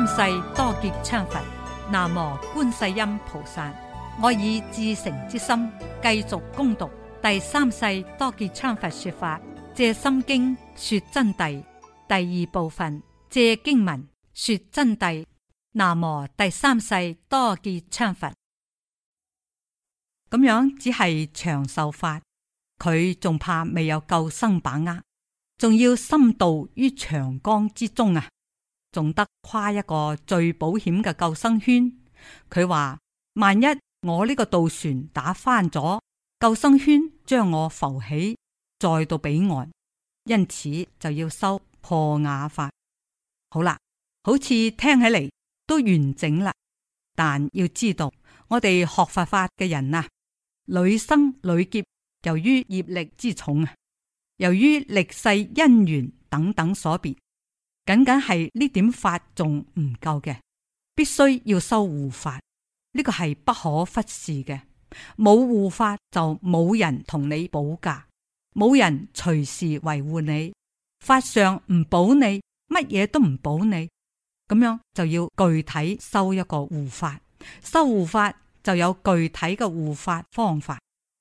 三世多杰羌佛，南無觀世音菩薩。我以至誠之心，繼續恭讀第三世多杰羌佛說法《藉心經》說真諦第二部分《藉經文說真諦》，南無第三世多杰羌佛。咁樣只係長壽法，佢仲怕未有救生把握，仲要深度於長江之中啊！仲得跨一個最保險嘅救生圈，佢話，萬一我呢個渡船打翻咗，救生圈將我浮起，再到彼岸，因此就要收破瓦法。好啦，好似聽起嚟，都完整啦，但要知道我哋學佛法嘅人啊，屢生屢劫，由於業力之重啊，由於歷世因緣等等所別。僅僅係呢點法仲唔夠嘅，必須要修護法，呢個係不可忽視嘅。冇護法就冇人同你保駕，冇人隨時維護你，法上唔保你，乜嘢都唔保你。咁樣就要具體修一個護法，修護法就有具體嘅護法方法，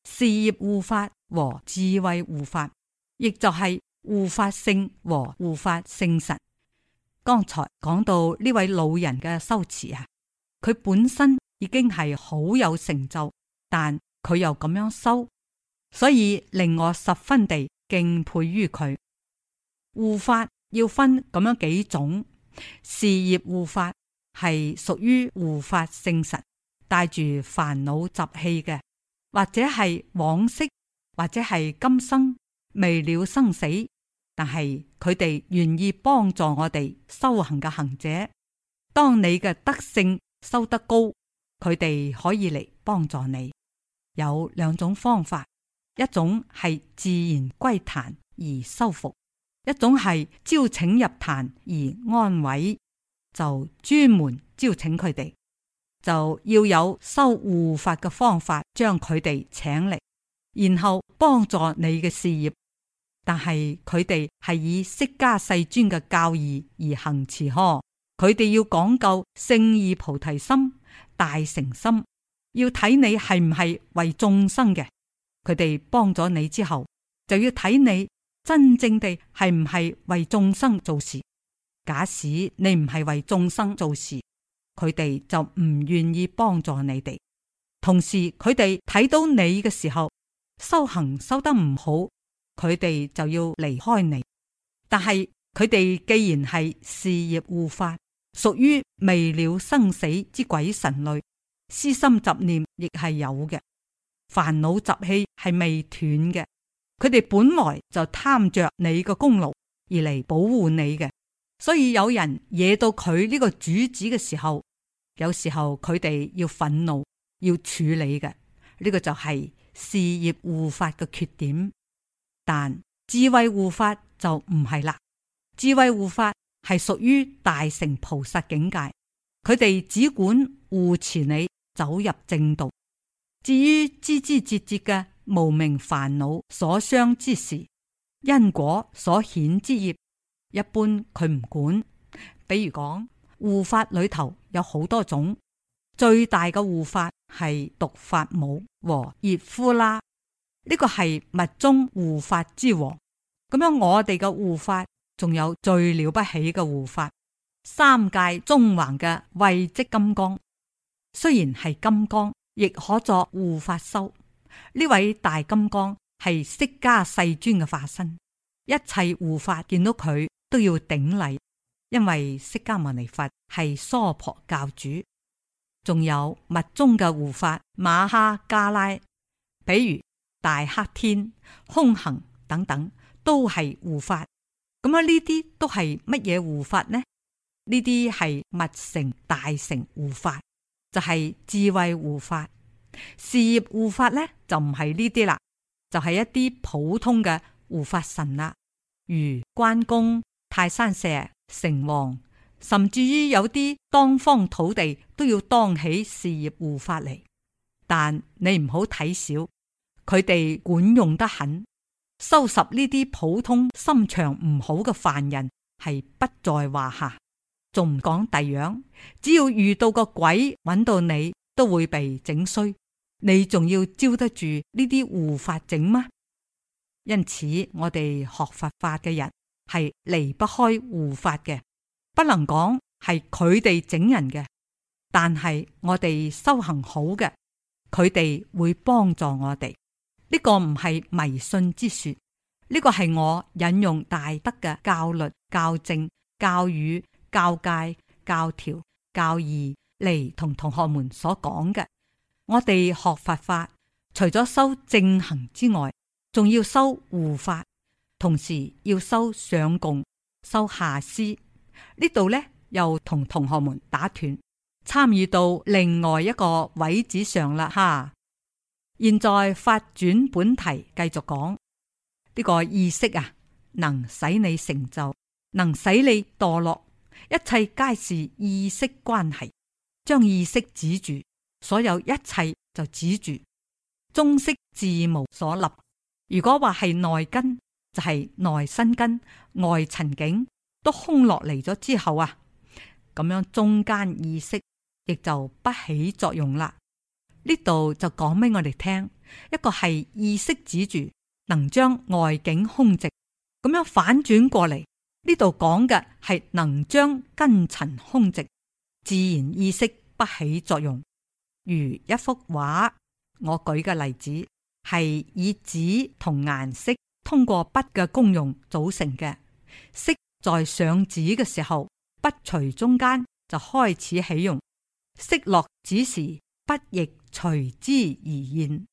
事業護法和智慧護法，亦就係護法性，和護法性神。剛才講到呢位老人嘅修持啊，佢本身已經係好有成就，但佢又咁樣修，所以令我十分地敬佩於佢。護法要分咁樣幾種，事業護法係屬於護法聖神，帶住煩惱習氣嘅，或者係往昔，或者係今生，未了生死。但係佢哋願意幫助我哋修行嘅行者。當你嘅德性修得高，佢哋可以嚟幫助你。有兩種方法，一種係自然歸壇而收服，一種係招請入壇而安位。就專門招請佢哋，就要有修護法嘅方法，將佢哋請嚟，然後幫助你嘅事業。但係佢哋係以釋迦世尊嘅教義而行持呵，佢哋要講究聖意菩提心、大誠心，要睇你係唔係為眾生嘅。佢哋幫咗你之後，就要睇你真正地係唔係為眾生做事。假使你唔係為眾生做事，佢哋就唔願意幫助你哋。同時，佢哋睇到你嘅時候，修行修得唔好。佢哋就要離開你，但係佢哋既然係事業護法，屬於未了生死之鬼神類，私心雜念亦係有嘅，煩惱習氣係未斷嘅。佢哋本來就貪着你個功勞而嚟保護你嘅，所以有人惹到佢呢個主旨嘅時候，有時候佢哋要憤怒要處理嘅呢個，這個就係事業護法嘅缺點。但智慧護法就唔係啦，智慧護法係屬於大乘菩薩境界，佢哋只管護持你走入正道。至於枝枝節節嘅無明煩惱所傷之時，因果所顯之業，一般佢唔管。比如講，護法裏頭有好多種，最大嘅護法係毒法母和熱夫啦。呢個係密宗護法之王，咁樣我哋嘅護法仲有最了不起嘅護法，三界中橫嘅穢跡金剛，雖然係金剛，亦可作護法修。呢位大金剛係釋迦世尊嘅化身，一切護法見到佢都要頂禮，因為釋迦牟尼佛係娑婆教主。仲有密宗嘅護法馬哈加拉，比如。大黑天、空行等等都係護法，咁啊呢啲都係乜嘢護法呢？呢啲係密乘大乘護法，就係、是、智慧護法。事業護法呢就唔係呢啲啦，就係、就是、一啲普通嘅護法神啦，如關公、泰山石、城隍，甚至於有啲當方土地都要當起事業護法嚟。但你唔好睇小。佢哋管用得很，收拾呢啲普通心腸唔好嘅犯人係不在話下。仲唔講第二樣，只要遇到個鬼揾到你，都會被整衰。你仲要招得住呢啲護法整嗎？因此，我哋學佛法嘅人係離不開護法嘅，不能講係佢哋整人嘅。但係我哋修行好嘅，佢哋會幫助我哋。呢個唔係迷信之說，呢、這個係我引用大德嘅教律、教正、教語、教戒、教條、教義嚟同同學們所講嘅。我哋學佛法，除咗修正行之外，仲要修護法，同時要修上供、修下施。呢度呢，又同同學們打斷，參與到另外一個位子上啦，哈。現在發轉本題繼續，繼續講呢個意識啊，能使你成就，能使你墮落，一切皆是意識關係。將意識止住，所有一切就止住，中式自無所立。如果話係內根，就係、是、內身根、外塵境都空落嚟咗之後啊，咁樣中間意識亦就不起作用啦。呢度就講俾我哋聽，一個係意識指住，能將外境空寂，咁樣反轉過嚟。呢度講嘅係能將根塵空寂，自然意識不起作用。如一幅畫，我舉嘅例子係以紙同顏色通過筆嘅功用組成嘅。色在上紙嘅時候，筆隨中間就開始起用；色落紙時，筆亦，隨之而現，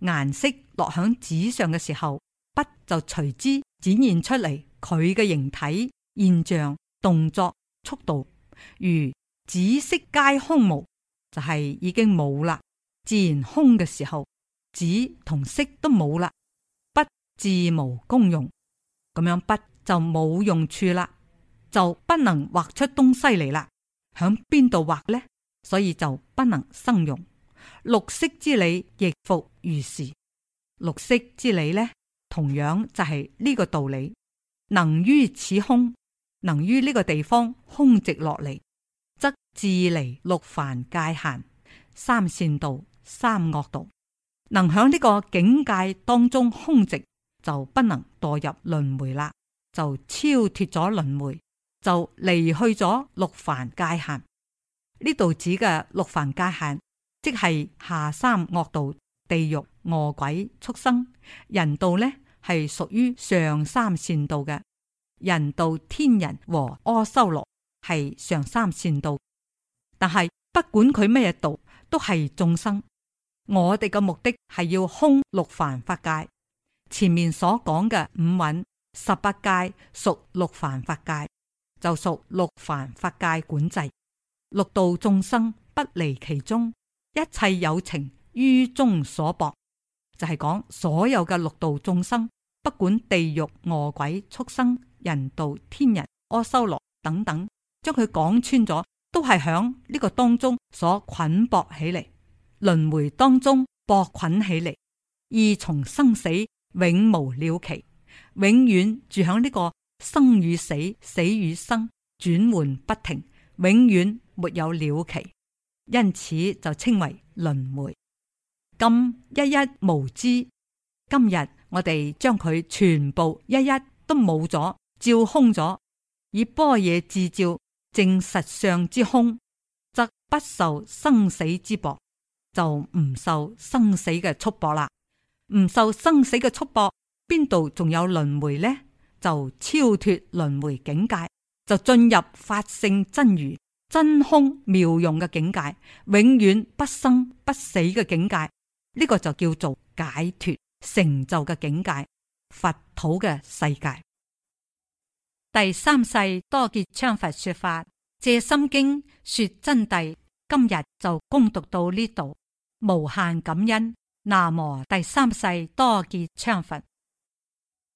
顏色落響紙上嘅時候，筆就隨之展現出嚟佢嘅形體、現象、動作、速度，如紙色皆空無，就係、是、已經冇啦，自然空嘅時候，紙同色都冇啦，筆自無功用，咁樣筆就冇用處啦，就不能畫出東西嚟啦，響邊度畫呢？所以就不能生用。六識之理亦復如是。六識之理呢，同樣就係呢個道理。能於此空，能於呢個地方空寂落嚟，則自離六凡界限。三善道、三惡道，能喺呢個境界當中空寂，就不能墮入輪回啦，就超脫咗輪回，就離去咗六凡界限。呢度指嘅六凡界限。即係下三惡道、地獄、餓鬼、畜生，人道呢係屬於上三善道嘅。人道、天人和阿修羅係上三善道，但係不管佢咩道，都係眾生。我哋嘅目的係要空六凡法界，前面所講嘅五蘊、十八界，屬六凡法界，就屬六凡法界管制六道眾生不離其中。一切有情於中所縛，就係、是、講所有嘅六道眾生，不管地獄、餓鬼、畜生、人道、天人、阿修羅等等，將佢講穿咗，都係響呢個當中所捆縛起嚟，輪回當中搏捆起嚟，二重生死永無了期，永遠住響呢個生與死、死與生轉換不停，永遠沒有了期。因此就稱為輪迴。噉一一無知，今日我哋將佢全部一一都冇咗，照空咗，以般若自照，證實相之空，則不受生死之薄，就唔受生死嘅束縛啦。唔受生死嘅束縛，邊度仲有輪迴呢？就超脫輪迴境界，就進入法性真如，真空妙用嘅境界，永遠不生不死嘅境界，呢個就叫做解脫成就嘅境界，佛土嘅世界。第三世多杰羌佛說法，借心經說真諦，今日就恭讀到呢度，無限感恩。南無第三世多杰羌佛。